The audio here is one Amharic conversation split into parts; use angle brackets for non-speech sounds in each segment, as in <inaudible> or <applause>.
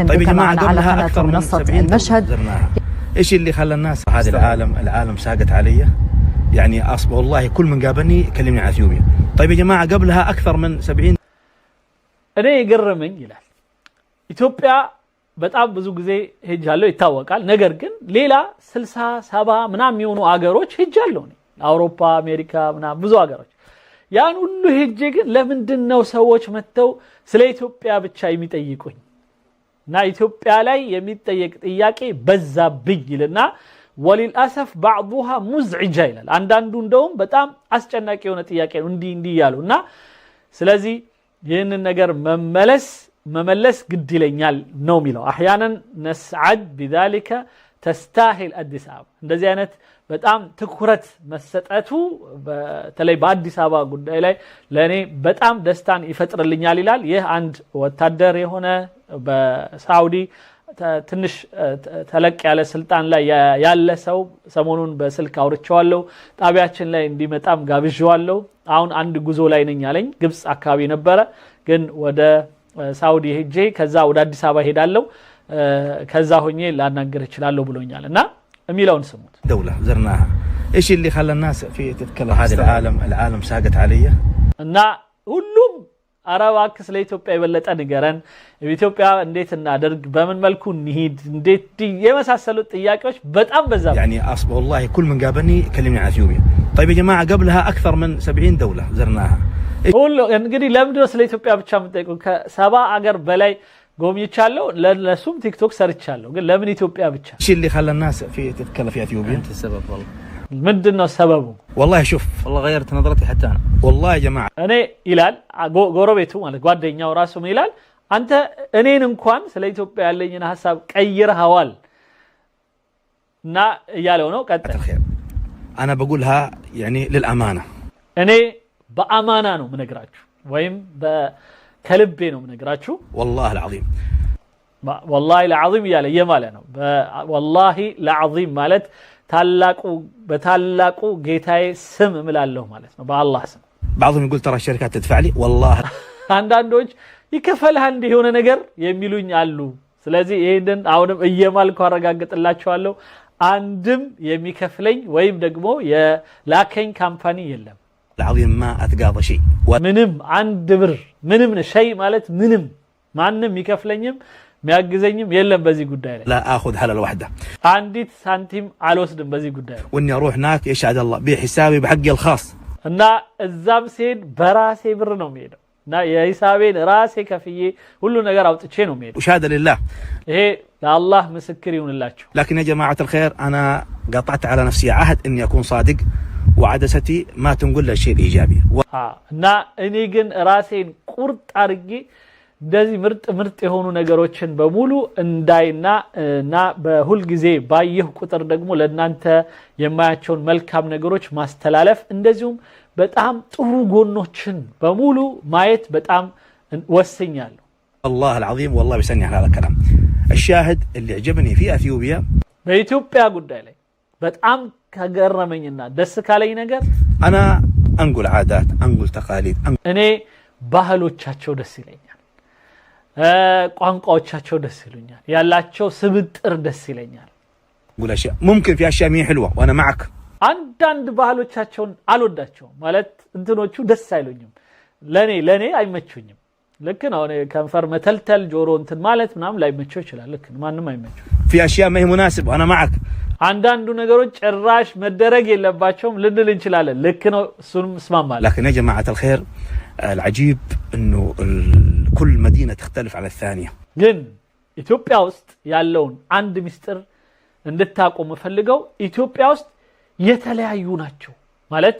اهلا طيب بكم معنا على قناه منصه المشهد ايش اللي خلى الناس هذا العالم العالم ساقت علي يعني اصبح والله كل من قابلني كلمني عن اثيوبيا طيب يا جماعه قبلها اكثر من 70 እኔ የገረመኝ ይላል ኢትዮጵያ በጣም ብዙ ጊዜ ሄጃለሁ ይታወቃል ነገር ግን ሌላ ስልሳ ሰባ ምናም የሚሆኑ አገሮች ሄጃለሁ አውሮፓ አሜሪካ ምናም ብዙ አገሮች ያን ሁሉ ሄጄ ግን ለምንድን ነው ሰዎች መጥተው ስለ ኢትዮጵያ ብቻ የሚጠይቁኝ እና ኢትዮጵያ ላይ የሚጠየቅ ጥያቄ በዛብኝ ይልና ወሊልአሰፍ ባዕዱሃ ሙዝዕጃ ይላል። አንዳንዱ እንደውም በጣም አስጨናቂ የሆነ ጥያቄ ነው እንዲህ እንዲህ እያሉ እና ስለዚህ ይህንን ነገር መመለስ መመለስ ግድ ይለኛል ነው የሚለው። አሕያነን ነስዓድ ቢዛሊከ ተስታሂል አዲስ አበባ እንደዚህ አይነት በጣም ትኩረት መሰጠቱ በተለይ በአዲስ አበባ ጉዳይ ላይ ለእኔ በጣም ደስታን ይፈጥርልኛል ይላል። ይህ አንድ ወታደር የሆነ በሳዑዲ ትንሽ ተለቅ ያለ ስልጣን ላይ ያለ ሰው ሰሞኑን በስልክ አውርቼዋለሁ። ጣቢያችን ላይ እንዲመጣም ጋብዤዋለሁ። አሁን አንድ ጉዞ ላይ ነኝ አለኝ። ግብፅ አካባቢ ነበረ፣ ግን ወደ ሳዑዲ ሄጄ ከዛ ወደ አዲስ አበባ ሄዳለሁ፣ ከዛ ሆኜ ላናገር እችላለሁ ብሎኛል። እና የሚለውን ስሙት። ደውላ ዘርና እሺ ሊ ኸለ ናስ ፊ ትትከለም ዓለም ሳገት ዓለየ እና ሁሉም አረ እባክህ ስለ ኢትዮጵያ የበለጠ ንገረን፣ ኢትዮጵያ እንዴት እናደርግ፣ በምን መልኩ እንሂድ፣ እንዴት የመሳሰሉት ጥያቄዎች በጣም በዛ። ያኒ اصبح والله ኩል ምን ጋበኒ يكلمني عن اثيوبيا طيب ገብልሃ جماعه ምን اكثر ደውላ 70 ሁሉ እንግዲህ ለምድ ስለ ኢትዮጵያ ብቻ የምጠይቁ? ከሰባ አገር በላይ ጎብኝቻለሁ፣ ለእነሱም ቲክቶክ ሰርቻለሁ። ግን ለምን ኢትዮጵያ ብቻ? ሽ اللي خلى الناس ምንድን ነው ሰበቡ? ወላሂ ሹፍ ወላሂ ገየርት ነظረቲ ሐታ ወላሂ ጀማዓ እኔ ይላል ጎረቤቱ ማለት ጓደኛው ራሱ ምን ይላል አንተ እኔን እንኳን ስለ ኢትዮጵያ ያለኝን ሀሳብ ቀይርኸዋል እና እያለው ነው። ቀጥል አና በጉልሃ ያኒ ልልአማና እኔ በአማና ነው ምነግራችሁ ወይም ከልቤ ነው ምነግራችሁ። ወላሂ ለዓዚም ወላሂ ለዓዚም እያለ የማለ ነው። ወላሂ ለዓዚም ማለት ታላቁ በታላቁ ጌታዬ ስም እምላለሁ ማለት ነው። በአላህ ስም بعضهم يقول ترى الشركات تدفع لي والله <laughs> አንዳንዶች ይከፈልህ እንደ የሆነ ነገር የሚሉኝ አሉ። ስለዚህ ይሄንን አሁንም እየማልኩ አረጋግጥላችኋለሁ፣ አንድም የሚከፍለኝ ወይም ደግሞ የላከኝ ካምፓኒ የለም። العظيم ما شيء ምንም አንድ ብር ምንም ሸይ ማለት ምንም ማንም የሚከፍለኝም የሚያግዘኝም የለም። በዚህ ጉዳይ ላይ ላአኹዝ ሐለል አንዲት ሳንቲም አልወስድም። በዚህ ጉዳይ ላይ እና እዛም ሲሄድ በራሴ ብር ነው የሚሄደው እና የሂሳቤን ራሴ ከፍዬ ሁሉ ነገር አውጥቼ ነው የሚሄደው። ሻሃደ ሊላህ ይሄ ለአላህ ምስክር ይሁንላቸው። ላኪን ያ ጀማዓት አና ቀጣዕት ዐላ ነፍሲ ዓህድ እኒ አኩን ሳድቅ ወዐደሰቲ ማ ትንጉል ለሸይእ ኢጃቢ እና እኔ ግን ራሴን ቁርጥ አድርጌ እንደዚህ ምርጥ ምርጥ የሆኑ ነገሮችን በሙሉ እንዳይና እና በሁልጊዜ ባየሁ ቁጥር ደግሞ ለእናንተ የማያቸውን መልካም ነገሮች ማስተላለፍ እንደዚሁም በጣም ጥሩ ጎኖችን በሙሉ ማየት በጣም ወስኛለሁ። አላህ አልዓዚም ወላሂ ቢሰኒህ ሀዛ አልከላም አሻሂድ እሊ አዕጀበኒ ፊ ኢትዮጵያ በኢትዮጵያ ጉዳይ ላይ በጣም ከገረመኝና ደስ ካለኝ ነገር አና አንጉል ዓዳት አንጉል ተቃሊድ እኔ ባህሎቻቸው ደስ ይለኛል። ቋንቋዎቻቸው ደስ ይሉኛል። ያላቸው ስብጥር ደስ ይለኛል። ሙምኪን ፊ አሽያ ሚን ሕልዋ ወአና አንዳንድ ባህሎቻቸውን አልወዳቸውም ማለት እንትኖቹ ደስ አይሉኝም፣ ለእኔ ለእኔ አይመቹኝም። ልክ ነው። ከንፈር መተልተል ጆሮ እንትን ማለት ምናምን ላይመቸው ይችላል። ልክ ማንም አይመቸው ፊ አሽያ ማይ ሙናስብ አና ማዓክ። አንዳንዱ ነገሮች ጭራሽ መደረግ የለባቸውም ልንል እንችላለን። ልክ ነው፣ እሱንም እስማማለሁ። ላኪን ያ ጀማዓት አልኸይር አልዓጂብ እኑ ኩል መዲና ተክተልፍ ዐለ ታንያ። ግን ኢትዮጵያ ውስጥ ያለውን አንድ ሚስጥር እንድታቆም ፈልገው ኢትዮጵያ ውስጥ የተለያዩ ናቸው ማለት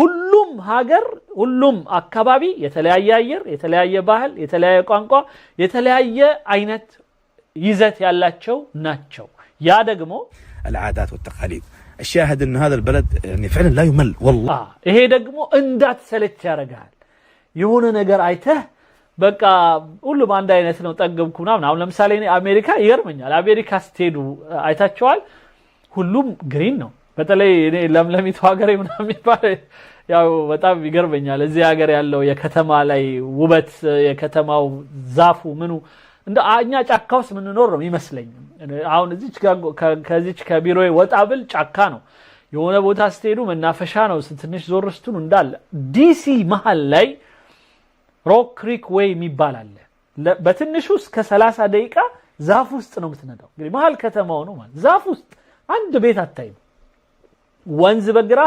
ሁሉም ሀገር ሁሉም አካባቢ የተለያየ አየር፣ የተለያየ ባህል፣ የተለያየ ቋንቋ፣ የተለያየ አይነት ይዘት ያላቸው ናቸው። ያ ደግሞ አልዓዳት ወተቃሊድ الشاهد ان هذا البلد يعني فعلا لا يمل ይሄ ደግሞ እንዳትሰለች ያደርግሃል። የሆነ ነገር አይተህ በቃ ሁሉም አንድ አይነት ነው ጠገብኩ ምናምን። አሁን ለምሳሌ እኔ አሜሪካ ይገርመኛል። አሜሪካ ስትሄዱ አይታቸዋል ሁሉም ግሪን ነው በተለይ እኔ ለምለሚቱ ሀገሬ ምናምን የሚባል ያው በጣም ይገርመኛል። እዚህ ሀገር ያለው የከተማ ላይ ውበት የከተማው ዛፉ ምኑ እንደ እኛ ጫካ ውስጥ የምንኖር ነው ይመስለኝ። አሁን ከዚች ከቢሮ ወጣ ብል ጫካ ነው። የሆነ ቦታ ስትሄዱ መናፈሻ ነው። ትንሽ ዞር ስትሉ እንዳለ ዲሲ መሀል ላይ ሮክ ክሪክ ዌይ የሚባል አለ። በትንሹ እስከ 30 ደቂቃ ዛፍ ውስጥ ነው የምትነዳው። እንግዲህ መሀል ከተማው ነው ማለት ዛፍ ውስጥ አንድ ቤት አታይም። ወንዝ በግራ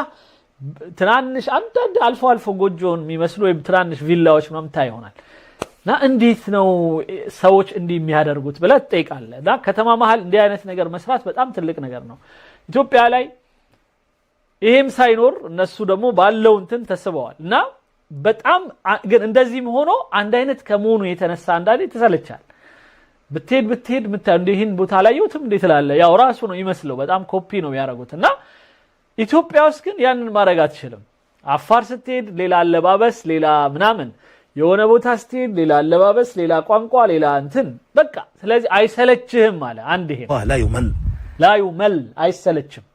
ትናንሽ አንዳንድ አልፎ አልፎ ጎጆን የሚመስሉ ወይም ትናንሽ ቪላዎች ምናምን ይሆናል። እና እንዴት ነው ሰዎች እንዲህ የሚያደርጉት ብለህ ትጠይቃለህ። እና ከተማ መሀል እንዲህ አይነት ነገር መስራት በጣም ትልቅ ነገር ነው። ኢትዮጵያ ላይ ይሄም ሳይኖር እነሱ ደግሞ ባለው እንትን ተስበዋል። እና በጣም ግን እንደዚህም ሆኖ አንድ አይነት ከመሆኑ የተነሳ አንዳንዴ ትሰለቻል። ብትሄድ ብትሄድ ምታ ይህን ቦታ አላየሁትም እንዴ ትላለህ። ያው ራሱ ነው ይመስለው በጣም ኮፒ ነው ያደረጉት እና ኢትዮጵያ ውስጥ ግን ያንን ማድረግ አትችልም። አፋር ስትሄድ ሌላ አለባበስ፣ ሌላ ምናምን፣ የሆነ ቦታ ስትሄድ ሌላ አለባበስ፣ ሌላ ቋንቋ፣ ሌላ እንትን በቃ ስለዚህ አይሰለችህም አለ አንድ ይሄ ላዩመል አይሰለችም።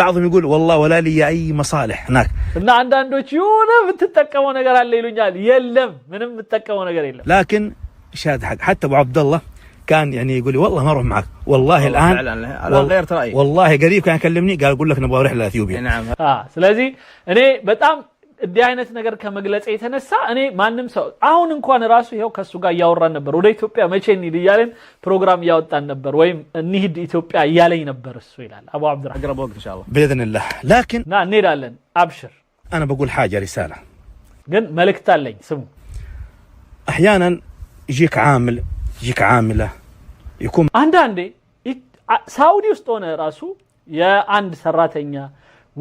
ባዕም ይል ወላ ወላ ልያ አይ መሳልሕ ናክ እና አንዳንዶች የሆነ የምትጠቀመው ነገር አለ ይሉኛል። የለም ምንም የምትጠቀመው ነገር የለም ላኪን ሻድ ሓ ሓተ አቡ ዓብደላህ كان يعني يقول لي والله ما اروح معك والله الان انا غيرت رايي والله قريب كان يكلمني قال اقول لك نبغى رحله لاثيوبيا نعم اه ስለዚህ እኔ በጣም እንዲህ አይነት ነገር ከመግለጽ የተነሳ እኔ ማንም ሰው አሁን እንኳን ራሱ ይኸው ከእሱ ጋር እያወራን ነበር። ወደ ኢትዮጵያ መቼ እንሂድ እያለን ፕሮግራም እያወጣን ነበር፣ ወይም እንሂድ ኢትዮጵያ እያለኝ ነበር እሱ ይላል አቡ አብዱራህማን አቅረብ ወቅት ኢንሻአላህ ቢኢዝኒላህ ላኪን ና እንሄዳለን። አብሽር አና በቁል ሓጃ ሪሳላ ግን መልእክት አለኝ ስሙ አሕያናን ይጂክ ዓምል ይጂክ ዓምላ አንዳንዴ ሳውዲ ውስጥ ሆነ ራሱ የአንድ ሰራተኛ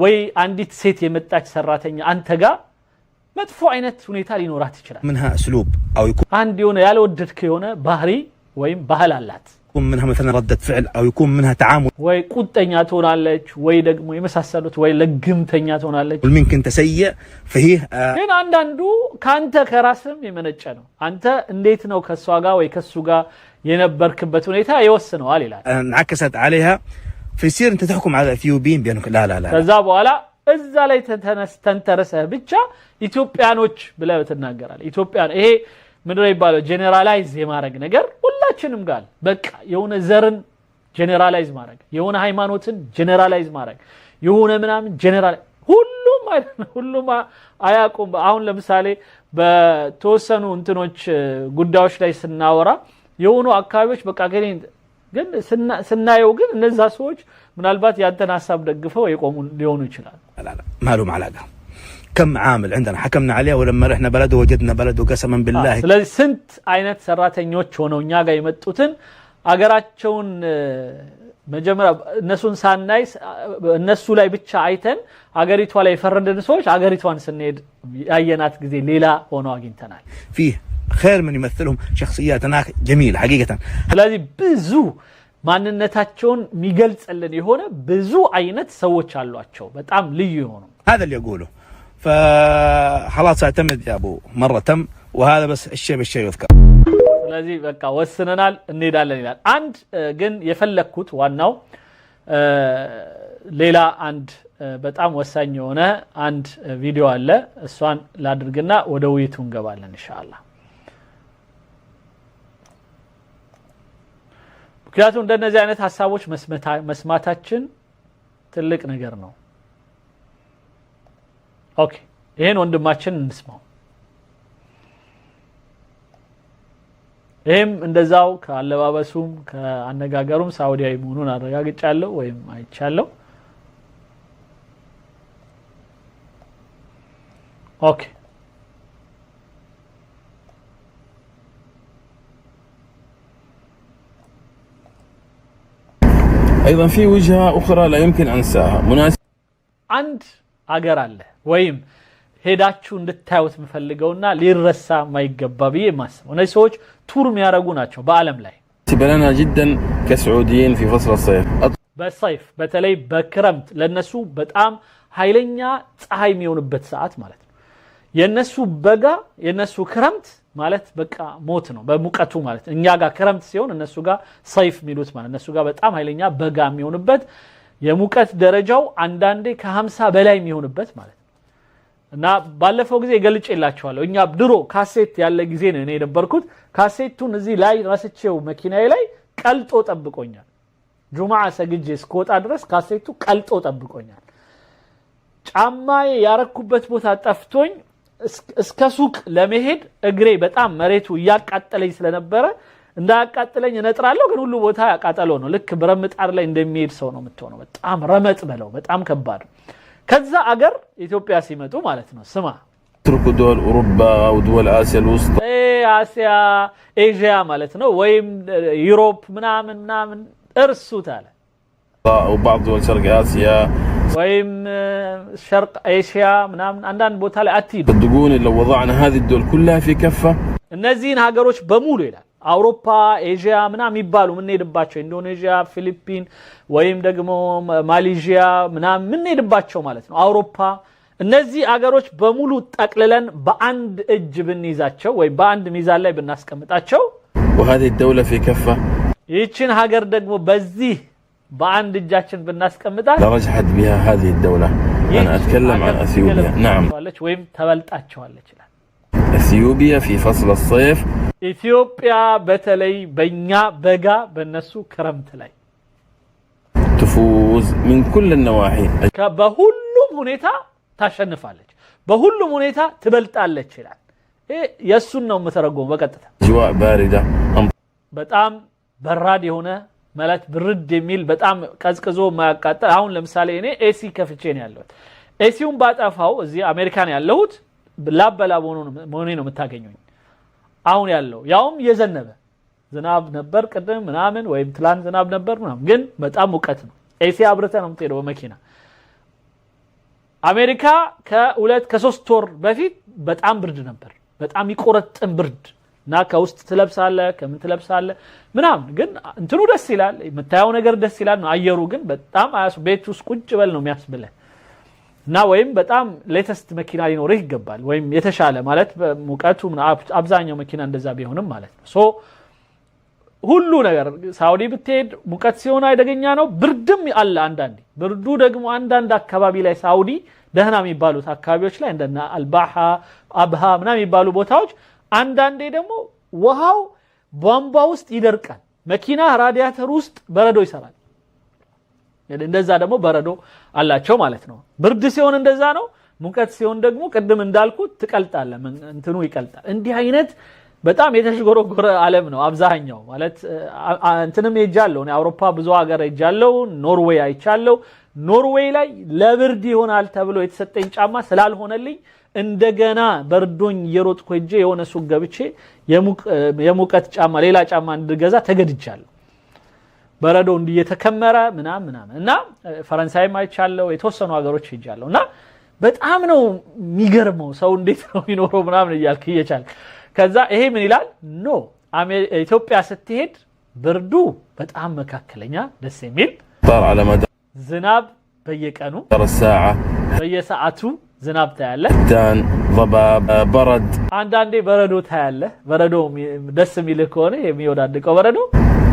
ወይ አንዲት ሴት የመጣች ሰራተኛ አንተ ጋ መጥፎ አይነት ሁኔታ ሊኖራት ይችላል። አንድ የሆነ ያለወደድክ የሆነ ባህሪ ወይም ባህል አላት። يكون منها مثلا ردة فعل أو يكون منها تعامل ወይ ቁጠኛ ትሆናለች ወይ ደግሞ የመሳሰሉት ወይ ለግምተኛ ትሆናለች። والممكن تسيء فهي ግን አንዳንዱ ከአንተ ከራስም የመነጨ ነው። አንተ እንዴት ነው ከእሷ ጋር ወይ ከእሱ ጋር የነበርክበት ሁኔታ ይወስነዋል ይላል። انعكست عليها فيصير انت تحكم على الاثيوبيين بانك لا لا لا ከዛ በኋላ እዛ ላይ ተንተረሰህ ብቻ ኢትዮጵያኖች ብለህ ትናገራለህ። ኢትዮጵያ ይሄ ምንድን ይባለው የሚባለው ጄኔራላይዝ የማድረግ ነገር ሁላችንም ጋር በቃ የሆነ ዘርን ጄኔራላይዝ ማድረግ የሆነ ሃይማኖትን ጄኔራላይዝ ማድረግ የሆነ ምናምን ጄኔራላይዝ ሁሉም <laughs> ሁሉም አያውቁም። አሁን ለምሳሌ በተወሰኑ እንትኖች ጉዳዮች ላይ ስናወራ የሆኑ አካባቢዎች በቃ ግን ስናየው ግን እነዛ ሰዎች ምናልባት ያንተን ሀሳብ ደግፈው የቆሙ ሊሆኑ ይችላል። ማሉም አላጋ كم عامل عندنا حكمنا عليه ولما رحنا بلده وجدنا بلده قسما بالله ስለዚህ ስንት አይነት ሰራተኞች ሆነው እኛ ጋር የመጡትን አገራቸውን መጀመሪያ እነሱን ሳናይ እነሱ ላይ ብቻ አይተን አገሪቷ ላይ የፈረድን ሰዎች አገሪቷን ስንሄድ ያየናት ጊዜ ሌላ ሆነው አግኝተናል። ፊህ ኸይር ምን ይመስልሁም ሸክስያት ጀሚል ሐቂቀተን። ስለዚህ ብዙ ማንነታቸውን የሚገልጽልን የሆነ ብዙ አይነት ሰዎች አሏቸው፣ በጣም ልዩ የሆኑ ሀ ሊያጎሉ فخلاص اعتمد يا ابو مره تم وهذا بس الشيء بالشيء يذكر ስለዚህ በቃ ወስነናል እንሄዳለን ይላል። አንድ ግን የፈለግኩት ዋናው ሌላ አንድ በጣም ወሳኝ የሆነ አንድ ቪዲዮ አለ። እሷን ላድርግና ወደ ውይይቱ እንገባለን እንሻላ። ምክንያቱም እንደነዚህ አይነት ሀሳቦች መስማታችን ትልቅ ነገር ነው። ኦኬ ይህን ወንድማችን እንስማው። ይህም እንደዛው ከአለባበሱም ከአነጋገሩም ሳውዲያዊ መሆኑን አረጋግጫለሁ ወይም አይቻለሁ። ኦኬ ايضا في وجهه اخرى لا يمكن انساها مناسب عند አገር الله ወይም ሄዳችሁ እንድታዩት የምፈልገውና ሊረሳ ማይገባ ብዬ የማስበው እነዚህ ሰዎች ቱር የሚያደርጉ ናቸው በአለም ላይ በለና ጅደን ፊ ፈስል ሰይፍ በሰይፍ በተለይ በክረምት ለነሱ በጣም ኃይለኛ ፀሐይ የሚሆንበት ሰዓት ማለት ነው። የነሱ በጋ የነሱ ክረምት ማለት በቃ ሞት ነው በሙቀቱ ማለት እኛ ጋር ክረምት ሲሆን እነሱ ጋር ሰይፍ የሚሉት ማለት እነሱ ጋር በጣም ኃይለኛ በጋ የሚሆንበት የሙቀት ደረጃው አንዳንዴ ከ50 በላይ የሚሆንበት ማለት እና ባለፈው ጊዜ ገልጬላችኋለሁ። እኛ ድሮ ካሴት ያለ ጊዜ ነው እኔ የነበርኩት። ካሴቱን እዚህ ላይ ረስቼው መኪናዬ ላይ ቀልጦ ጠብቆኛል። ጁምዓ ሰግጄ እስከወጣ ድረስ ካሴቱ ቀልጦ ጠብቆኛል። ጫማዬ ያረኩበት ቦታ ጠፍቶኝ እስከ ሱቅ ለመሄድ እግሬ በጣም መሬቱ እያቃጠለኝ ስለነበረ እንዳያቃጥለኝ እነጥራለሁ፣ ግን ሁሉ ቦታ ያቃጠለው ነው። ልክ ብረት ላይ እንደሚሄድ ሰው ነው የምትሆነው። በጣም ረመጥ በለው፣ በጣም ከባድ ከዛ አገር ኢትዮጵያ ሲመጡ ማለት ነው። ስማ ቱርክ ዶል ኡሩባ ወዶል አሲያ ውስጥ አሲያ ኤዥያ ማለት ነው ወይም ዩሮፕ ምናምን ምናምን እርሱት አለ ወይም ሸርቅ ኤሽያ ምናምን አንዳንድ ቦታ ላይ አትሂዱ እነዚህን ሀገሮች በሙሉ ይላል አውሮፓ ኤዥያ ምናምን የሚባሉ የምንሄድባቸው ኢንዶኔዥያ፣ ፊሊፒን ወይም ደግሞ ማሌዥያ ምናምን የምንሄድባቸው ማለት ነው። አውሮፓ እነዚህ አገሮች በሙሉ ጠቅልለን በአንድ እጅ ብንይዛቸው ወይም በአንድ ሚዛን ላይ ብናስቀምጣቸው وهذه الدولة في كفة ይህችን ሀገር ደግሞ በዚህ በአንድ እጃችን ብናስቀምጣት لرجحت بها هذه الدولة أنا أتكلم عن أثيوبيا نعم ወይም ተበልጣቸዋለች ይላል ኢትዮጵያ في فصل الصيف ኢትዮጵያ በተለይ በእኛ በጋ በነሱ ክረምት ላይ ትፉዝ ምን ኩል ነዋሂ በሁሉም ሁኔታ ታሸንፋለች፣ በሁሉም ሁኔታ ትበልጣለች ይላል። የእሱን ነው የምተረጎሙ በቀጥታ በጣም በራድ የሆነ ማለት ብርድ የሚል በጣም ቀዝቅዞ የማያቃጠል አሁን ለምሳሌ እኔ ኤሲ ከፍቼ ነው ያለሁት። ኤሲውን ባጠፋው እዚህ አሜሪካን ያለሁት ላብ በላብ መሆኔ ነው የምታገኙኝ። አሁን ያለው ያውም የዘነበ ዝናብ ነበር ቅድም ምናምን ወይም ትላንት ዝናብ ነበር ምናምን፣ ግን በጣም ሙቀት ነው። ኤሲ አብርተ ነው ምትሄደው በመኪና አሜሪካ ከሁለት ከሶስት ወር በፊት በጣም ብርድ ነበር። በጣም ይቆረጥን ብርድ እና ከውስጥ ትለብሳለ ከምን ትለብሳለ ምናምን፣ ግን እንትኑ ደስ ይላል፣ የምታየው ነገር ደስ ይላል ነው። አየሩ ግን በጣም ቤት ውስጥ ቁጭ በል ነው የሚያስብለን። እና ወይም በጣም ሌተስት መኪና ሊኖርህ ይገባል። ወይም የተሻለ ማለት ሙቀቱ አብዛኛው መኪና እንደዛ ቢሆንም ማለት ነው። ሶ ሁሉ ነገር ሳውዲ ብትሄድ ሙቀት ሲሆን አይደገኛ ነው። ብርድም አለ አንዳንዴ። ብርዱ ደግሞ አንዳንድ አካባቢ ላይ ሳውዲ ደህና የሚባሉት አካባቢዎች ላይ እንደ አልባሃ አብሃ ምና የሚባሉ ቦታዎች አንዳንዴ ደግሞ ውሃው ቧንቧ ውስጥ ይደርቃል። መኪና ራዲያተር ውስጥ በረዶ ይሰራል። እንደዛ ደግሞ በረዶ አላቸው ማለት ነው። ብርድ ሲሆን እንደዛ ነው። ሙቀት ሲሆን ደግሞ ቅድም እንዳልኩት ትቀልጣለ፣ እንትኑ ይቀልጣል። እንዲህ አይነት በጣም የተሽጎረጎረ ዓለም ነው አብዛኛው። ማለት እንትንም ሄጃለሁ አውሮፓ ብዙ ሀገር ሄጃለሁ። ኖርዌይ አይቻለሁ። ኖርዌይ ላይ ለብርድ ይሆናል ተብሎ የተሰጠኝ ጫማ ስላልሆነልኝ እንደገና በርዶኝ የሮጥኩ ሄጄ የሆነ ሱቅ ገብቼ የሙቀት ጫማ ሌላ ጫማ እንድገዛ ተገድጃለሁ። በረዶ እየተከመረ ምናም ምናም እና ፈረንሳይም አይቻለው የተወሰኑ ሀገሮች ሄጃለሁ እና በጣም ነው የሚገርመው ሰው እንዴት ነው የሚኖረው ምናምን እያልክ እየቻል ከዛ ይሄ ምን ይላል ኖ ኢትዮጵያ ስትሄድ ብርዱ በጣም መካከለኛ ደስ የሚል ዝናብ በየቀኑ በየሰዓቱ ዝናብ ታያለህ። አንዳንዴ በረዶ ታያለህ። በረዶ ደስ የሚልህ ከሆነ የሚወዳድቀው በረዶ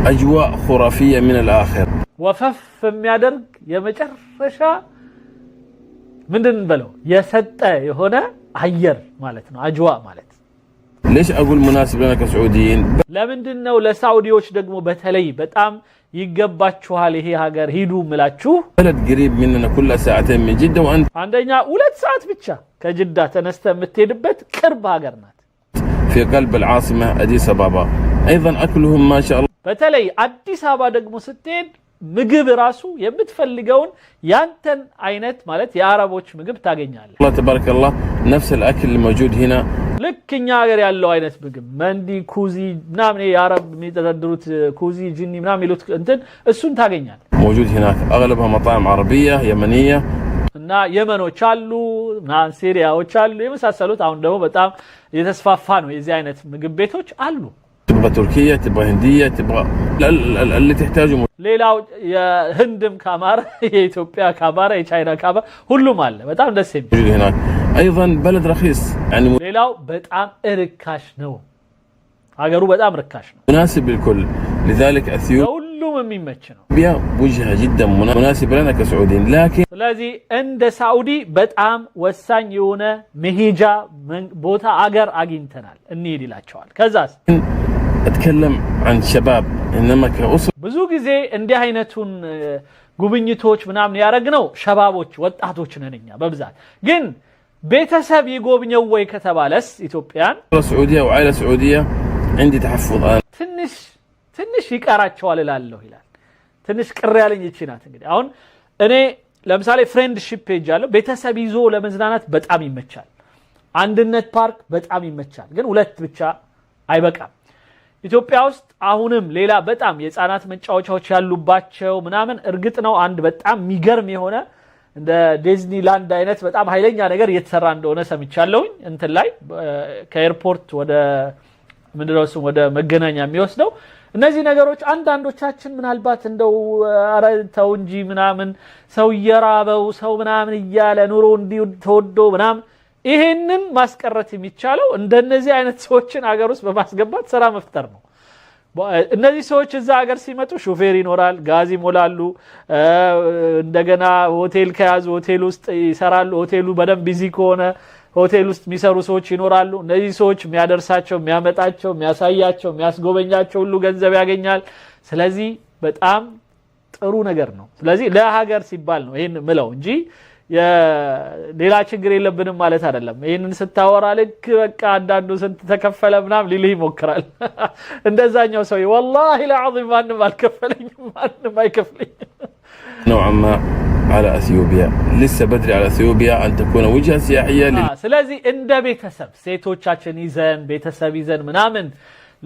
አጅዋ ሁራፊያ ሚነል አኺራ ወፈፍ የሚያደርግ የመጨረሻ ምንድን በለው የሰጠ የሆነ አየር ማለት ነው። አጅዋእ ማለት ሌሽ አጉል ሙናሲብ ለና ከስዑዲይን ለምንድን ነው ለሳዑዲዎች ደግሞ በተለይ በጣም ይገባችኋል ይሄ ሀገር ሂዱ ምላችሁ በለድ ግሪብ ሚንና ኩላ ሰዓተን ሚን አንደኛ ሁለት ሰዓት ብቻ ከጅዳ ተነስተ የምትሄድበት ቅርብ ሀገር ናት። في قلب العاصمة أديس أبابا أيضا أكلهم ما በተለይ አዲስ አበባ ደግሞ ስትሄድ ምግብ ራሱ የምትፈልገውን ያንተን አይነት ማለት የአረቦች ምግብ ታገኛለህ። ተባረከላህ ነፍስ ልአክል መጁድ ሂና ልክ እኛ ሀገር ያለው አይነት ምግብ መንዲ ኩዚ ምናምን የአረብ የሚተዳድሩት ኩዚ ጅኒ ምናምን የሚሉት እንትን እሱን ታገኛለህ። መጁድ ሂና አረቢያ የመንያ እና የመኖች አሉ ምናምን ሲሪያዎች አሉ የመሳሰሉት። አሁን ደግሞ በጣም የተስፋፋ ነው የዚህ አይነት ምግብ ቤቶች አሉ። تبغى تركيا تبغى هنديه تبغى اللي تحتاجه ሌላው የህንድም ካማረ የኢትዮጵያ ካማረ የቻይና ካማረ ሁሉም አለ። በጣም ደስ የሚል አይን በለድ ረኺስ ሌላው በጣም እርካሽ ነው። ሀገሩ በጣም ርካሽ ነው። ሙናሲብ ልኩል ሊዛሊክ ለሁሉም የሚመች ነው። ቢያ وجهة جدا مناسب لنا كسعوديين لكن ስለዚህ እንደ ሳዑዲ በጣም ወሳኝ የሆነ መሄጃ ቦታ አገር አግኝተናል፣ እንሂድ ይላቸዋል። ከዛስ اتكلم عن شباب انما كأسر ብዙ ጊዜ እንዲህ አይነቱን ጉብኝቶች ምናምን ያደረግነው ሸባቦች ወጣቶች ነን እኛ በብዛት ግን ቤተሰብ ይጎብኘው ወይ ከተባለስ ኢትዮጵያን ዑዲያ ወዓይለ ዑዲያ እንዲ ተሐፉዝ ትንሽ ትንሽ ይቀራቸዋል እላለሁ ይላል። ትንሽ ቅር ያለኝ ይቺ ናት። እንግዲህ አሁን እኔ ለምሳሌ ፍሬንድሺፕ ሄጃለሁ። ቤተሰብ ይዞ ለመዝናናት በጣም ይመቻል። አንድነት ፓርክ በጣም ይመቻል። ግን ሁለት ብቻ አይበቃም። ኢትዮጵያ ውስጥ አሁንም ሌላ በጣም የህፃናት መጫወቻዎች ያሉባቸው ምናምን እርግጥ ነው አንድ በጣም የሚገርም የሆነ እንደ ዲዝኒላንድ አይነት በጣም ኃይለኛ ነገር እየተሰራ እንደሆነ ሰምቻለሁኝ። እንትን ላይ ከኤርፖርት ወደ ምንድነው ወደ መገናኛ የሚወስደው እነዚህ ነገሮች አንዳንዶቻችን ምናልባት እንደው ኧረ ተው እንጂ ምናምን ሰው እየራበው ሰው ምናምን እያለ ኑሮ እንዲሁ ተወዶ ምናምን ይሄንን ማስቀረት የሚቻለው እንደነዚህ አይነት ሰዎችን አገር ውስጥ በማስገባት ስራ መፍጠር ነው። እነዚህ ሰዎች እዛ ሀገር ሲመጡ ሾፌር ይኖራል፣ ጋዝ ይሞላሉ። እንደገና ሆቴል ከያዙ ሆቴል ውስጥ ይሰራሉ። ሆቴሉ በደንብ ቢዚ ከሆነ ሆቴል ውስጥ የሚሰሩ ሰዎች ይኖራሉ። እነዚህ ሰዎች የሚያደርሳቸው፣ የሚያመጣቸው፣ የሚያሳያቸው፣ የሚያስጎበኛቸው ሁሉ ገንዘብ ያገኛል። ስለዚህ በጣም ጥሩ ነገር ነው። ስለዚህ ለሀገር ሲባል ነው ይህን ምለው እንጂ ሌላ ችግር የለብንም ማለት አይደለም። ይህንን ስታወራ ልክ በቃ አንዳንዱ ስንት ተከፈለ ምናምን ሊልህ ይሞክራል። <laughs> እንደዛኛው ሰው ወላሂ ለዓዚም ማንም አልከፈለኝም፣ ማንም አይከፍለኝም نوعا ما على اثيوبيا لسه بدري على اثيوبيا ان تكون وجهه سياحيه ስለዚህ እንደ ቤተሰብ ሴቶቻችን ይዘን ቤተሰብ ይዘን ምናምን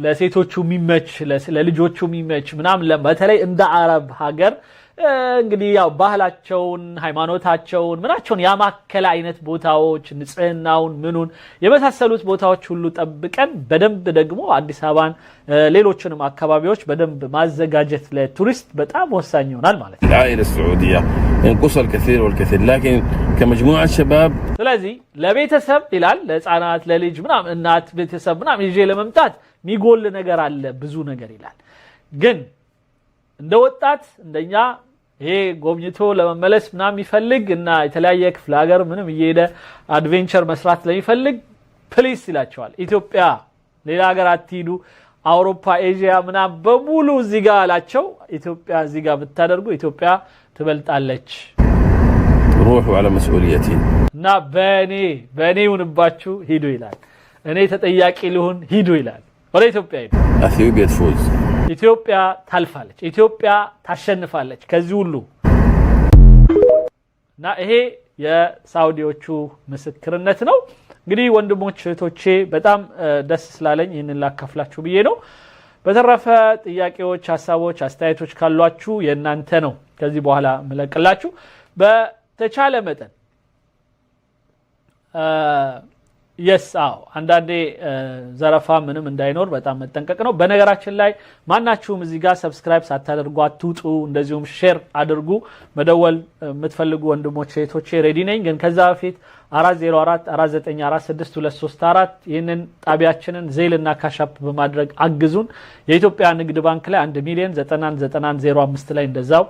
ለሴቶቹ የሚመች ለልጆቹ የሚመች ምናምን በተለይ እንደ አረብ ሀገር እንግዲህ ያው ባህላቸውን፣ ሃይማኖታቸውን፣ ምናቸውን ያማከለ አይነት ቦታዎች ንጽህናውን፣ ምኑን የመሳሰሉት ቦታዎች ሁሉ ጠብቀን በደንብ ደግሞ አዲስ አበባን ሌሎችንም አካባቢዎች በደንብ ማዘጋጀት ለቱሪስት በጣም ወሳኝ ይሆናል ማለት ነው። ስለዚህ ለቤተሰብ ይላል ለህፃናት፣ ለልጅ ምናም እናት ቤተሰብ ምናም ይዤ ለመምጣት ሚጎል ነገር አለ ብዙ ነገር ይላል ግን እንደ ወጣት እንደኛ ይሄ ጎብኝቶ ለመመለስ ምናምን የሚፈልግ እና የተለያየ ክፍለ ሀገር ምንም እየሄደ አድቬንቸር መስራት ለሚፈልግ ፕሊስ ይላቸዋል። ኢትዮጵያ፣ ሌላ ሀገር አትሂዱ፣ አውሮፓ፣ ኤዥያ ምናምን በሙሉ እዚህ ጋር አላቸው። ኢትዮጵያ እዚህ ጋር ብታደርጉ ኢትዮጵያ ትበልጣለች። ሩሑ አለ መስኡልየቲ እና በእኔ በእኔ ይሁንባችሁ ሂዱ ይላል። እኔ ተጠያቂ ልሁን ሂዱ ይላል። ወደ ኢትዮጵያ ሂዱ። ኢትዮጵያ ታልፋለች፣ ኢትዮጵያ ታሸንፋለች። ከዚህ ሁሉ እና ይሄ የሳውዲዎቹ ምስክርነት ነው። እንግዲህ ወንድሞች እህቶቼ፣ በጣም ደስ ስላለኝ ይህንን ላካፍላችሁ ብዬ ነው። በተረፈ ጥያቄዎች፣ ሀሳቦች፣ አስተያየቶች ካሏችሁ የእናንተ ነው። ከዚህ በኋላ ምለቅላችሁ በተቻለ መጠን የስ አዎ፣ አንዳንዴ ዘረፋ ምንም እንዳይኖር በጣም መጠንቀቅ ነው። በነገራችን ላይ ማናችሁም እዚህ ጋር ሰብስክራይብ ሳታደርጉ አትውጡ። እንደዚሁም ሼር አድርጉ። መደወል የምትፈልጉ ወንድሞች ሴቶቼ ሬዲ ነኝ። ግን ከዛ በፊት 4044946234 ይህንን ጣቢያችንን ዜል እና ካሻፕ በማድረግ አግዙን። የኢትዮጵያ ንግድ ባንክ ላይ 1 ሚሊዮን 9905 ላይ እንደዛው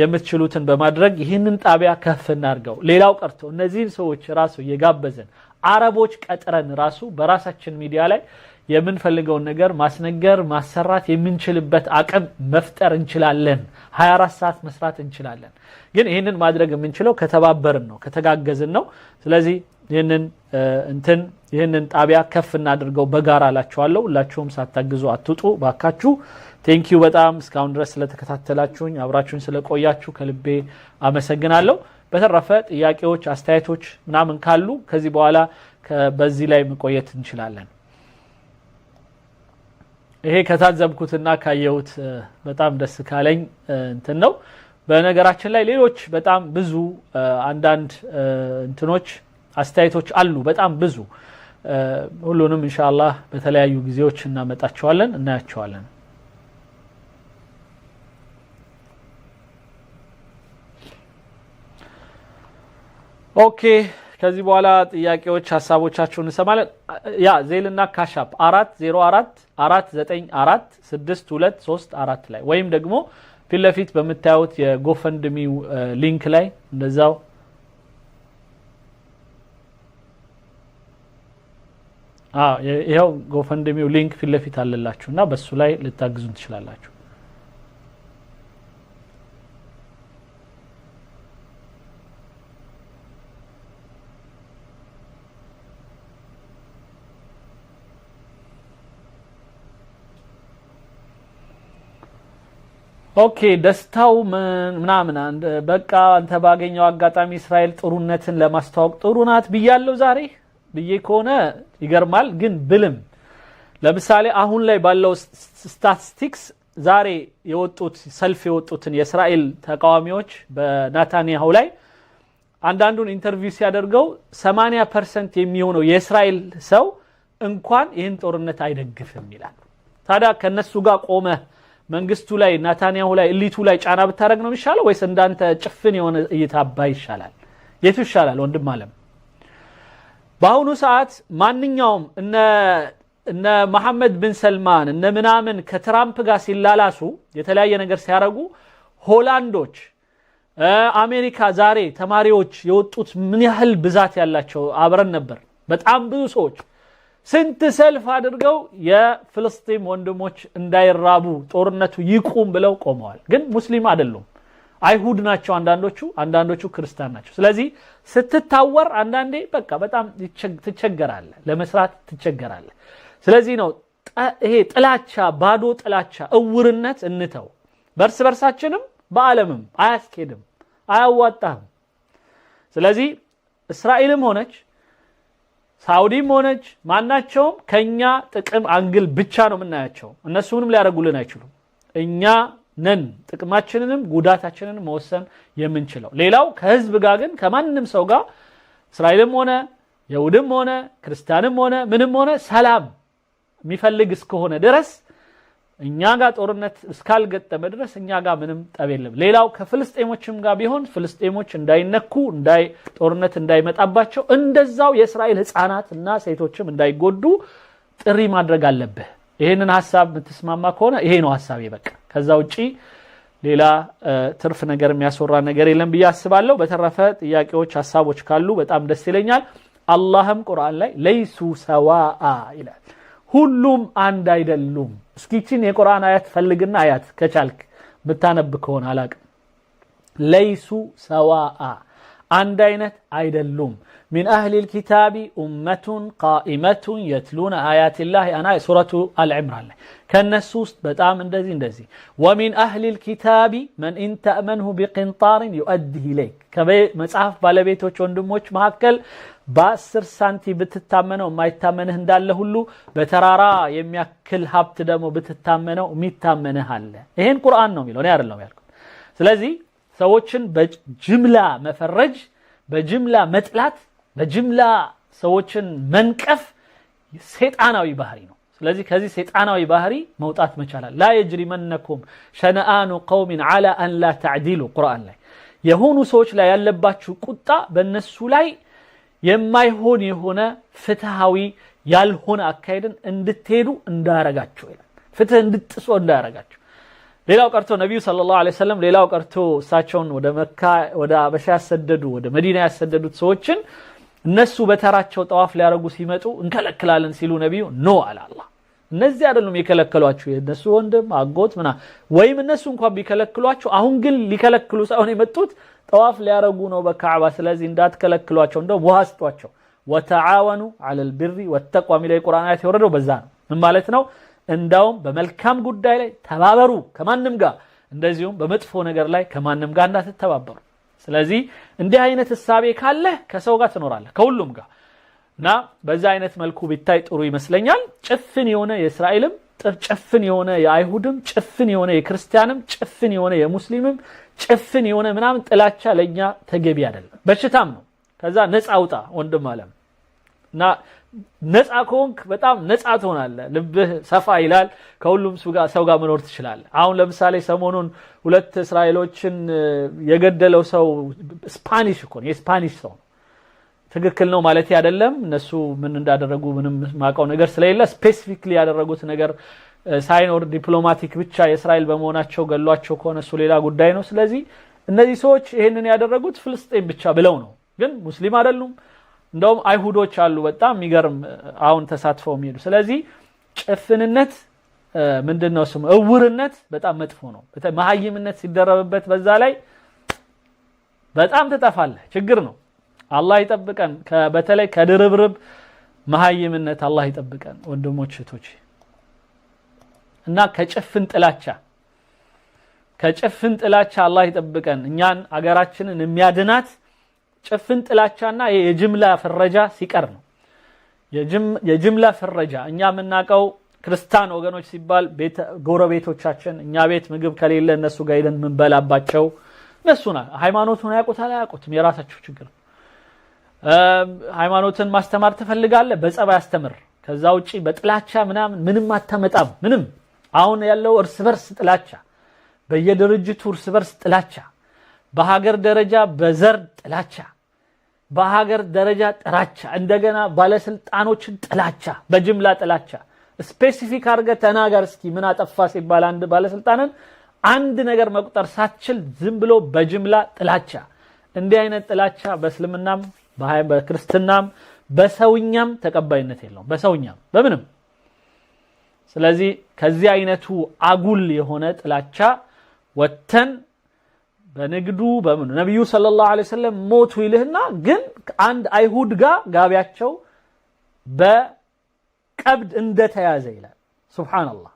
የምትችሉትን በማድረግ ይህንን ጣቢያ ከፍ እናድርገው። ሌላው ቀርቶ እነዚህን ሰዎች ራሱ እየጋበዘን አረቦች ቀጥረን ራሱ በራሳችን ሚዲያ ላይ የምንፈልገውን ነገር ማስነገር ማሰራት የምንችልበት አቅም መፍጠር እንችላለን። 24 ሰዓት መስራት እንችላለን። ግን ይህንን ማድረግ የምንችለው ከተባበርን ነው፣ ከተጋገዝን ነው። ስለዚህ ይህንን እንትን ይህንን ጣቢያ ከፍ እናድርገው በጋራ እላችኋለሁ። ሁላችሁም ሳታግዙ አትውጡ ባካችሁ። ቴንኪዩ በጣም እስካሁን ድረስ ስለተከታተላችሁኝ አብራችሁን ስለቆያችሁ ከልቤ አመሰግናለሁ። በተረፈ ጥያቄዎች፣ አስተያየቶች ምናምን ካሉ ከዚህ በኋላ በዚህ ላይ መቆየት እንችላለን። ይሄ ከታዘብኩትና ካየሁት በጣም ደስ ካለኝ እንትን ነው። በነገራችን ላይ ሌሎች በጣም ብዙ አንዳንድ እንትኖች አስተያየቶች አሉ። በጣም ብዙ ሁሉንም እንሻላ በተለያዩ ጊዜዎች እናመጣቸዋለን፣ እናያቸዋለን። ኦኬ ከዚህ በኋላ ጥያቄዎች ሀሳቦቻችሁን እንሰማለን። ያ ዜልና ካሻፕ አራት ዜሮ አራት አራት ዘጠኝ አራት ስድስት ሁለት ሶስት አራት ላይ ወይም ደግሞ ፊት ለፊት በምታዩት የጎፈንድሚ ሊንክ ላይ እንደዛው ይኸው ጎፈንድሚው ሊንክ ፊት ለፊት አለላችሁ እና በሱ ላይ ልታግዙን ትችላላችሁ። ኦኬ ደስታው ምናምን በቃ አንተ ባገኘው አጋጣሚ እስራኤል ጥሩነትን ለማስተዋወቅ ጥሩ ናት ብያለው ዛሬ ብዬ ከሆነ ይገርማል። ግን ብልም ለምሳሌ አሁን ላይ ባለው ስታቲስቲክስ ዛሬ የወጡት ሰልፍ የወጡትን የእስራኤል ተቃዋሚዎች በናታንያሁ ላይ አንዳንዱን ኢንተርቪው ሲያደርገው 80 ፐርሰንት የሚሆነው የእስራኤል ሰው እንኳን ይህን ጦርነት አይደግፍም ይላል። ታዲያ ከነሱ ጋር ቆመ መንግስቱ ላይ ናታንያሁ ላይ እሊቱ ላይ ጫና ብታደረግ ነው የሚሻለው ወይስ እንዳንተ ጭፍን የሆነ እየታባ ይሻላል? የቱ ይሻላል? ወንድም አለም በአሁኑ ሰዓት ማንኛውም እነ መሐመድ ብን ሰልማን እነ ምናምን ከትራምፕ ጋር ሲላላሱ የተለያየ ነገር ሲያደረጉ ሆላንዶች፣ አሜሪካ ዛሬ ተማሪዎች የወጡት ምን ያህል ብዛት ያላቸው አብረን ነበር። በጣም ብዙ ሰዎች ስንት ሰልፍ አድርገው የፍልስጢም ወንድሞች እንዳይራቡ ጦርነቱ ይቁም ብለው ቆመዋል። ግን ሙስሊም አይደሉም፣ አይሁድ ናቸው አንዳንዶቹ፣ አንዳንዶቹ ክርስቲያን ናቸው። ስለዚህ ስትታወር አንዳንዴ በቃ በጣም ትቸገራለ ለመስራት ትቸገራለህ። ስለዚህ ነው ይሄ ጥላቻ፣ ባዶ ጥላቻ፣ እውርነት እንተው። በእርስ በርሳችንም በዓለምም አያስኬድም፣ አያዋጣህም። ስለዚህ እስራኤልም ሆነች ሳውዲም ሆነች ማናቸውም ከኛ ጥቅም አንግል ብቻ ነው የምናያቸው። እነሱንም ሊያደርጉልን አይችሉም። እኛ ነን ጥቅማችንንም ጉዳታችንን መወሰን የምንችለው። ሌላው ከህዝብ ጋር ግን ከማንም ሰው ጋር እስራኤልም ሆነ የውድም ሆነ ክርስቲያንም ሆነ ምንም ሆነ ሰላም የሚፈልግ እስከሆነ ድረስ እኛ ጋር ጦርነት እስካልገጠመ ድረስ እኛ ጋር ምንም ጠብ የለም። ሌላው ከፍልስጤሞችም ጋር ቢሆን ፍልስጤሞች እንዳይነኩ ጦርነት እንዳይመጣባቸው፣ እንደዛው የእስራኤል ሕፃናት እና ሴቶችም እንዳይጎዱ ጥሪ ማድረግ አለብህ። ይህንን ሀሳብ የምትስማማ ከሆነ ይሄ ነው ሀሳቤ። በቃ ከዛ ውጪ ሌላ ትርፍ ነገር የሚያስወራ ነገር የለም ብዬ አስባለሁ። በተረፈ ጥያቄዎች፣ ሀሳቦች ካሉ በጣም ደስ ይለኛል። አላህም ቁርአን ላይ ለይሱ ሰዋአ ይላል ሁሉም አንድ አይደሉም። እስኪችን የቁርአን አያት ፈልግና አያት ከቻልክ ብታነብ ከሆነ አላቅም። ለይሱ ሰዋአ አንድ አይነት አይደሉም። ሚን አህሊል ኪታቢ ኡመቱን ቃኢመቱን የትሉነ አያቲላህ አና ሱረቱ አልዕምራን ላይ ከእነሱ ውስጥ በጣም እንደዚህ እንደዚህ ወሚን አህሊል ኪታቢ መን ኢንተእመንሁ ቢቅንጣሪን ዩአዲህ ኢለይክ ከመጽሐፍ ባለቤቶች ወንድሞች መካከል በአስር ሳንቲም ብትታመነው የማይታመንህ እንዳለ ሁሉ በተራራ የሚያክል ሀብት ደግሞ ብትታመነው የሚታመንህ አለ። ይሄን ቁርአን ነው የሚለው እኔ ያልኩት። ስለዚህ ሰዎችን በጅምላ መፈረጅ፣ በጅምላ መጥላት፣ በጅምላ ሰዎችን መንቀፍ ሴጣናዊ ባህሪ ነው። ስለዚህ ከዚህ ሴጣናዊ ባህሪ መውጣት መቻላል። ላ የጅሪመነኩም ሸነአኑ ቀውሚን ዓላ አንላ ተዕዲሉ ቁርአን ላይ የሆኑ ሰዎች ላይ ያለባችሁ ቁጣ በእነሱ ላይ የማይሆን የሆነ ፍትሃዊ ያልሆነ አካሄድን እንድትሄዱ እንዳረጋቸው ይላል። ፍትህ እንድጥሶ እንዳረጋቸው። ሌላው ቀርቶ ነቢዩ ሰለላሁ ዐለይሂ ሰለም ሌላው ቀርቶ እሳቸውን ወደ መካ ወደ አበሻ ያሰደዱ ወደ መዲና ያሰደዱት ሰዎችን እነሱ በተራቸው ጠዋፍ ሊያደርጉ ሲመጡ እንከለክላለን ሲሉ ነቢዩ ኖ አላላ እነዚህ አይደሉም የከለከሏችሁ የእነሱ ወንድም አጎት ምና ወይም እነሱ እንኳን ቢከለክሏችሁ፣ አሁን ግን ሊከለክሉ ሳይሆን የመጡት ጠዋፍ ሊያረጉ ነው በካዕባ ስለዚህ እንዳትከለክሏቸው፣ እንደ ውሃ ስጧቸው። ወተዓወኑ ዐለል ቢሪ ወተቋ የሚለው የቁርአን አያት የወረደው በዛ ነው። ምን ማለት ነው? እንዳውም በመልካም ጉዳይ ላይ ተባበሩ ከማንም ጋር፣ እንደዚሁም በመጥፎ ነገር ላይ ከማንም ጋር እንዳትተባበሩ። ስለዚህ እንዲህ አይነት እሳቤ ካለ ከሰው ጋር ትኖራለህ ከሁሉም ጋር እና በዛ አይነት መልኩ ቢታይ ጥሩ ይመስለኛል። ጭፍን የሆነ የእስራኤልም ጭፍን የሆነ የአይሁድም ጭፍን የሆነ የክርስቲያንም ጭፍን የሆነ የሙስሊምም ጭፍን የሆነ ምናምን ጥላቻ ለእኛ ተገቢ አይደለም። በሽታም ነው። ከዛ ነፃ ውጣ ወንድም አለም እና ነፃ ከሆንክ በጣም ነፃ ትሆናለ ልብህ ሰፋ ይላል። ከሁሉም ሰው ጋር መኖር ትችላለ አሁን ለምሳሌ ሰሞኑን ሁለት እስራኤሎችን የገደለው ሰው ስፓኒሽ እኮ ነው። የስፓኒሽ ሰው ነው። ትክክል ነው ማለት አይደለም። እነሱ ምን እንዳደረጉ ምንም ማቀው ነገር ስለሌለ ስፔሲፊክሊ ያደረጉት ነገር ሳይኖር ዲፕሎማቲክ ብቻ የእስራኤል በመሆናቸው ገሏቸው ከሆነ እሱ ሌላ ጉዳይ ነው። ስለዚህ እነዚህ ሰዎች ይህንን ያደረጉት ፍልስጤም ብቻ ብለው ነው፣ ግን ሙስሊም አይደሉም። እንደውም አይሁዶች አሉ በጣም የሚገርም አሁን ተሳትፈው የሚሄዱ። ስለዚህ ጭፍንነት ምንድን ነው ስሙ እውርነት በጣም መጥፎ ነው። መሀይምነት ሲደረብበት በዛ ላይ በጣም ትጠፋለህ። ችግር ነው። አላህ ይጠብቀን። በተለይ ከድርብርብ መሀይምነት አላህ ይጠብቀን ወንድሞች እህቶች። እና ከጭፍን ጥላቻ ከጭፍን ጥላቻ አላህ ይጠብቀን። እኛን አገራችንን የሚያድናት ጭፍን ጥላቻና የጅምላ ፍረጃ ሲቀር ነው። የጅምላ ፍረጃ እኛ የምናውቀው ክርስቲያን ወገኖች ሲባል ጎረቤቶቻችን እኛ ቤት ምግብ ከሌለ እነሱ ጋር ሄደን የምንበላባቸው እነሱ ሃይማኖቱን አያውቁታል፣ አያውቁትም፣ የራሳቸው ችግር ነው። ሃይማኖትን ማስተማር ትፈልጋለህ፣ በጸባይ አስተምር። ከዛ ውጪ በጥላቻ ምናምን ምንም አታመጣም፣ ምንም አሁን ያለው እርስ በርስ ጥላቻ፣ በየድርጅቱ እርስ በርስ ጥላቻ፣ በሀገር ደረጃ በዘር ጥላቻ፣ በሀገር ደረጃ ጥላቻ፣ እንደገና ባለስልጣኖችን ጥላቻ፣ በጅምላ ጥላቻ። ስፔሲፊክ አድርገ ተናገር እስኪ ምን አጠፋ ሲባል አንድ ባለስልጣንን አንድ ነገር መቁጠር ሳትችል ዝም ብሎ በጅምላ ጥላቻ። እንዲህ አይነት ጥላቻ በእስልምናም በክርስትናም በሰውኛም ተቀባይነት የለውም። በሰውኛም በምንም ስለዚህ ከዚህ አይነቱ አጉል የሆነ ጥላቻ ወተን በንግዱ በምኑ ነቢዩ ሰለላሁ ዐለይሂ ወሰለም ሞቱ ይልህና ግን አንድ አይሁድ ጋር ጋቢያቸው በቀብድ እንደተያዘ ይላል። ሱብሓነላህ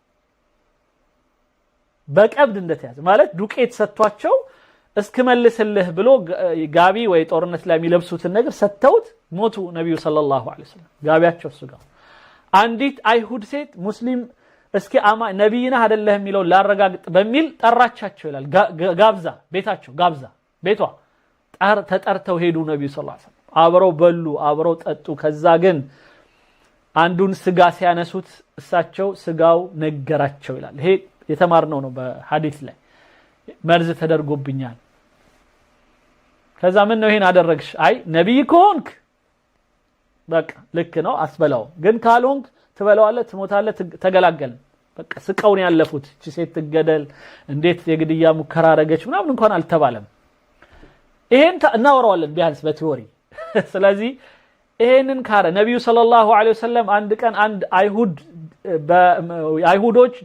በቀብድ እንደተያዘ ማለት ዱቄት ሰጥቷቸው እስክመልስልህ ብሎ ጋቢ ወይ ጦርነት ላይ የሚለብሱትን ነገር ሰጥተውት ሞቱ። ነቢዩ ሰለላሁ ዐለይሂ ወሰለም ጋቢያቸው እሱ ጋር አንዲት አይሁድ ሴት ሙስሊም እስኪ አማ ነቢይ ነህ አይደለህ ላረጋግጥ በሚል ጠራቻቸው ይላል። ጋብዛ ቤታቸው ጋብዛ ቤቷ ተጠርተው ሄዱ። ነቢዩ ሰለላሁ ዐለይሂ ወሰለም አብረው በሉ፣ አብረው ጠጡ። ከዛ ግን አንዱን ስጋ ሲያነሱት እሳቸው ስጋው ነገራቸው ይላል። ይሄ የተማርነው ነው በሐዲስ ላይ መርዝ ተደርጎብኛል። ከዛ ምን ነው ይሄን አደረግሽ? አይ ነቢይ ከሆንክ በቃ ልክ ነው አስበላው፣ ግን ካልሆንክ ትበለዋለ ትሞታለ ተገላገል በቃ ስቀውን ያለፉት እቺ ሴት ትገደል፣ እንዴት የግድያ ሙከራ አረገች ምናምን እንኳን አልተባለም። ይሄን እናወራዋለን ቢያንስ በቲዎሪ። <laughs> ስለዚህ ይሄንን ካረ ነቢዩ ሰለላሁ ዐለይሂ ወሰለም አንድ ቀን አንድ አይሁድ አይሁዶች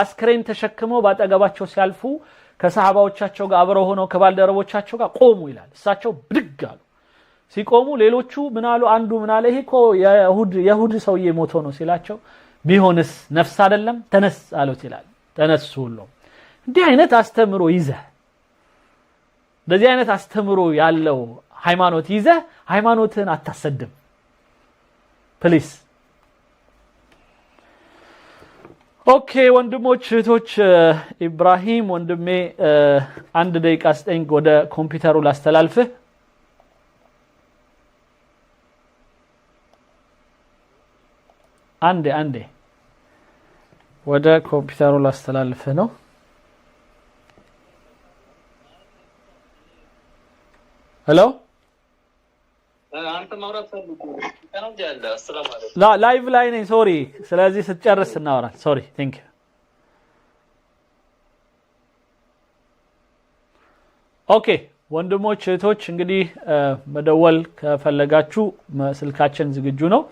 አስክሬን ተሸክመው ባጠገባቸው ሲያልፉ ከሰሃባዎቻቸው ጋር አብረው ሆነው ከባልደረቦቻቸው ጋር ቆሙ ይላል። እሳቸው ብድግ አሉ። ሲቆሙ ሌሎቹ ምናሉ አንዱ ምናለ ይሄ እኮ የሁድ ሰውዬ ሞቶ ነው ሲላቸው ቢሆንስ ነፍስ አይደለም ተነስ አሉት ይላል። ተነሱ ሁሉ እንዲህ አይነት አስተምሮ ይዘ እንደዚህ አይነት አስተምሮ ያለው ሃይማኖት ይዘ ሃይማኖትን አታሰድም ፕሊስ። ኦኬ ወንድሞች እህቶች፣ ኢብራሂም ወንድሜ አንድ ደቂቃ ስጠኝ፣ ወደ ኮምፒውተሩ ላስተላልፍህ። አንዴ አንዴ ወደ ኮምፒውተሩ ላስተላልፍህ ነው ሄሎ ላይቭ ላይ ነኝ ሶሪ ስለዚህ ስትጨርስ እናወራል ሶሪ ቴንክ ኦኬ ወንድሞች እህቶች እንግዲህ መደወል ከፈለጋችሁ ስልካችን ዝግጁ ነው